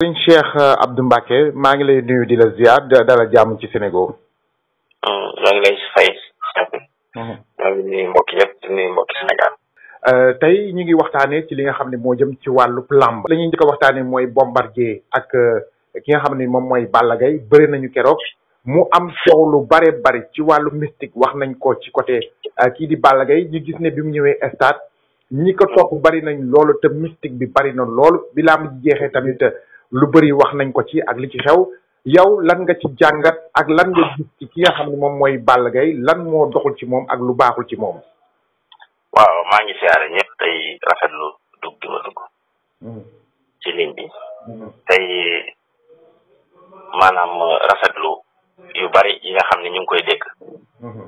sëñ Cheikh euh, Abdou Mbacke maa ngi lay nuyu di la ziar dala jàmm ci Sénégal. Ah, maa mhm. euh, tey ñu ngi waxtaanee ci li nga xam ne moo jëm ci wàllu lamb. li ñuy njëkk waxtaanee mooy Bombardier ak euh, ki nga xam ne moom mooy ballagay Gaye bëri nañu keroog mu am coow lu bare bari ci wàllu mystique wax nañ ko ci côté kii di Balla Gaye ñu gis ne bi mu ñëwee stade ñi ko topp bari nañ loolu te mystique bi bari na lool bilaa làmb jeexee tamit. lu bari wax nañ ko ci ak li ci xew yow lan nga ci jàngat ak lan nga gis ci ki nga xam ne moom mooy Balla Gaye lan moo doxul ci moom ak lu baaxul ci moom. waaw maa ngi siyaare ñépp tey rafetlu dugg bi ma dugg. Mm-hmm. ci ligne bi. Mm-hmm. tey maanaam rafetlu yu bari yi nga xam ne ñu ngi koy dégg. Mm-hmm.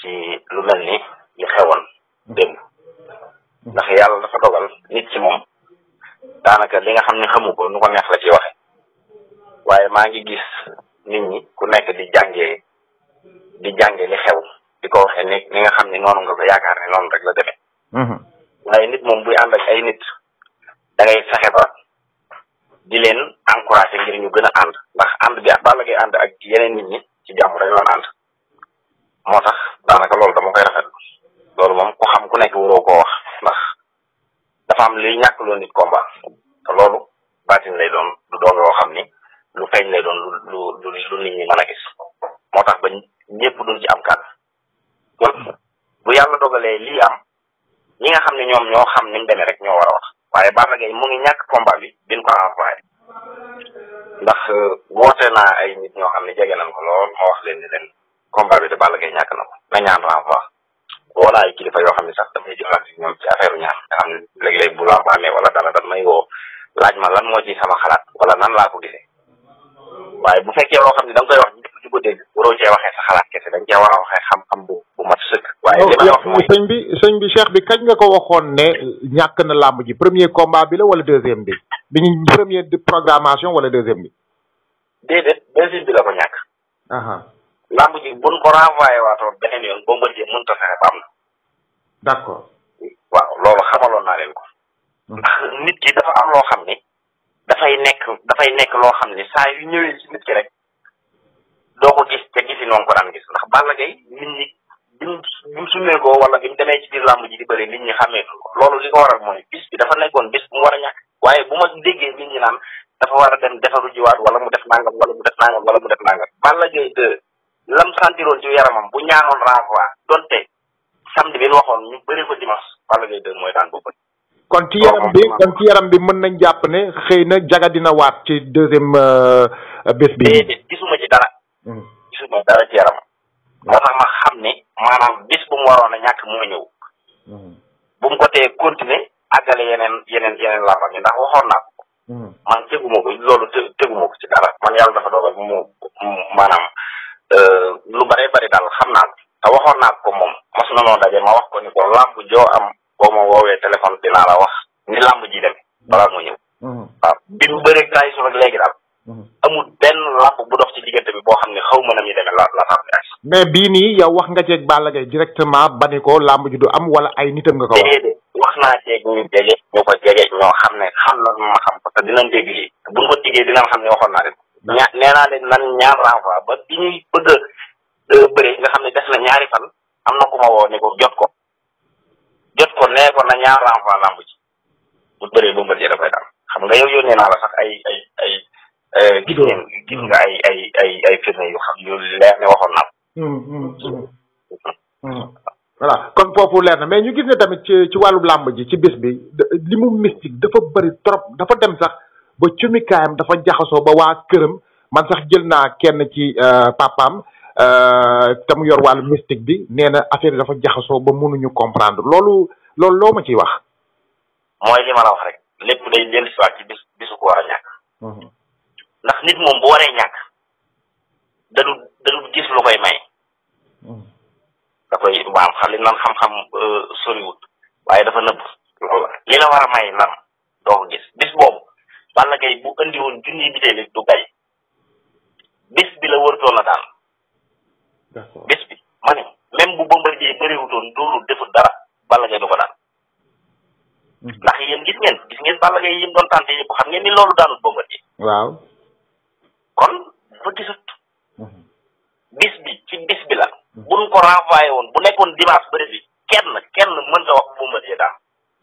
ci lu mel ni li xewoon démb. ndax yàlla dafa dogal nit ci moom. daanaka li nga xam ne xamu ko nu ko neex la ci waxe waaye maa ngi gis nit ñi ku nekk di jàngee di jànge li xew di ko waxee ni nga xam ne noonu nga ko yaakaar ne noonu rek la demee mm-hmm. waaye nit moom buy ànd ak ay nit da ngay fexe ba di leen encouragé ngir ñu gën a ànd ndax ànd bi Balla Gaye ak yeneen nit ci jàmm dañu doon ànd moo tax daanaka loolu dama koy rafetlu loolu moom ku xam ku nekk waroo dafa li luy ñàkkloo nit komba te loolu baatin lay doon lu doon loo xam ni lu feeñ lay doon lu lu lu nit ñi a gis moo tax ba ñëpp duñ ci am kàddu bu yàlla dogalee li am ñi nga xam ne ñoom ñoo xam niñ demee rek ñoo war a wax waaye Balla Gaye mu ngi ñàkk combat bi biñ ko envoyé ndax euh, woote naa ay nit ñoo xam ne jege nañ ko lool moo wax leen ni leen combat bi de Balla Gaye ñàkk na ko na ñaan renvoi wala ay kilifa yoo xam ne sax damay jëflante ñoom ci affaire ñaan nga xam ne léeg-léeg bu lamb amee wala dara dan may woo laaj ma lan moo ci sama xalaat wala nan laa ko gisee waaye bu fekkee loo xam ne da nga koy wax ñëpp di ko dégg waroo waxee sa xalaat kese war waxee xam-xam bu bu mat sëkk waaye li may wax mooy sëñ bi sëñ bi cheikh bi kañ nga ko waxoon ne ñàkk na làmb ji premier combat bi la wala deuxième bi bi ñu premier programmation wala deuxième bi déedéet deuxième bi la ko ñàkk làmb ji buñ ko renvoyé waatoon beneen yoon boo mbëjee mënta fexe ba am na d' waaw loolu xamaloon naa leen ko. Hmm. ndax nit ki dafa am loo xam ni dafay nekk dafay nekk loo xam ni saa yu ñëwee ci nit ki rek doo ko gis te gisi noonu ko daan gis ndax Balla Gaye nit ñi bim bim summee ko wala bi mu demee ci biir làmb ji di bari nit ñi xamee ko loolu li ko waral mooy bis bi dafa nekkoon bis bu mu war a ñàkk waaye bu ma déggee nit ñi naan dafa war a dem defaru jiwaat wala mu def nangam wala mu def nangam wala mu def nangam Balla Gaye 2 lam santiroon ci yaramam bu ñaanoon renvoi donte samedi bi ñu waxoon ñu bëri ko dimanche kon ci yaram bi kon ci bi mën nañ jàpp ne xëy na jaga dina waat ci deuxième euh, bés bi. de gisuma ci dara. Hmm. gisuma dara ci yaram. Hmm. moo tax ma xam ne maanaam bés bu mu waroon a ñàkk moo ñëw. Hmm. bu mu ko tee continuer àggale yeneen yeneen yeneen làmbam yi ndax waxoon naa ko. man teguma ko loolu te teguma ko ci dara. man yàlla dafa dogal mu maanaam euh, lu bare bari daal xam naa ko te waxoon naa ko moom. nanoo daje ma wax ko ni ko làmb joo am boo ma woowee téléphone dinaa la wax ni làmb ji dem balaa moo ñëw mhm. waaw bi mu bëreeg Tyson rek daal mhm. amul benn làmb bu dox ci bi boo xam ne xaw ma na muy demee la la tax ak mais bii wax nga ceeg Balla Gaye directement ba ni ko am wala ay nitam nga ko wax déedéet naa ceeg ñu jege ko jege ñoo xam ne xam na ma xam parce que dinañ dégg lii bu ñu ko tiggee dinañ xam ne waxoon naa leen mhm. ñaa nee nan ñaar renvoi ba bi ñuy bëgg a euh, bëre nga xam ne def na ñaari fan xam na ku ma woo ne ko jot ko jot ko nee ko na ñaar renvoi lamb ji bu bëree Bombardier dafay daal xam nga yow yónnee naa la sax ay ay ay gis ngeen gis nga ay ay ay yu xam yu leer ne waxoon naa ko hmm, hmm, hmm. voilà kon foofu leer na mais ñu gis ne tamit ci ci wàllu làmb ji ci bis bi li mu mystique dafa bëri trop dafa dem sax ba cumikaayam dafa jaxasoo ba waa këram man sax jël naa kenn ci euh, papaam Euh, te mu yor wàllu bi nee na affaire dafa jaxasoo ba mënuñu comprendre loolu loolu loo ma ciy wax. mooy li wax rek lépp day dellu si waat ci bis bisu ko war a ñàkk. Mhm. ndax nit moom bu waree ñàkk da du gis lu koy may. Mhm. da koy maam xam li nan xam-xam euh, soriwut waaye dafa nëbb loolu la li la war a may lan doo ko gis bis boobu Balla Gaye bu andi woon junniy biteel du gay bis bi la wërtoon la daal. bés bi ma ne même bu Bombardier bëriwutoon loolu deful dara Balla Gaye du ko daan mhm. ndax yéen gis ngeen gis ngeen Balla Gaye yéen doon tànte yëpp xam ngeen ni loolu daanul Bombardier waaw kon dafa gisut mhm. bis bi ci bis bi la buñ ko renvoyé woon bu nekkoon dimanche bëri bi kenn kenn mën ta wax Bombardier daan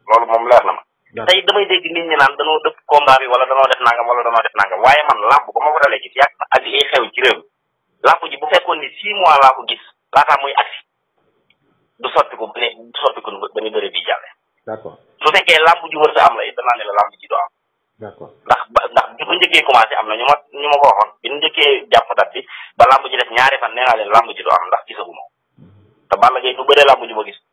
loolu moom leer na ma tey damay dégg nit ñi naan danoo dëpp combat bi wala danoo def nangam wala danoo def nangam waaye man làmb ba ma ko na ak liy làmp ji bu fekkoon ni six mois laa ko gis laataa muy agsi du ko ba ne du soppiku ba ne bëre bi jàlle d'accord su fekkee làmp wër sa am la it danaa ne la làmp du am ndax ba ndax bi ko njëkkee commencé am na ñu ma ñu ma ko waxoon bi njëkkee jàpp dat bi ba làmb ji def ñaari fan nee naa leen làmb ji du am ndax gisaguma mhm. te Balla Gaye du bëre làmb ma gis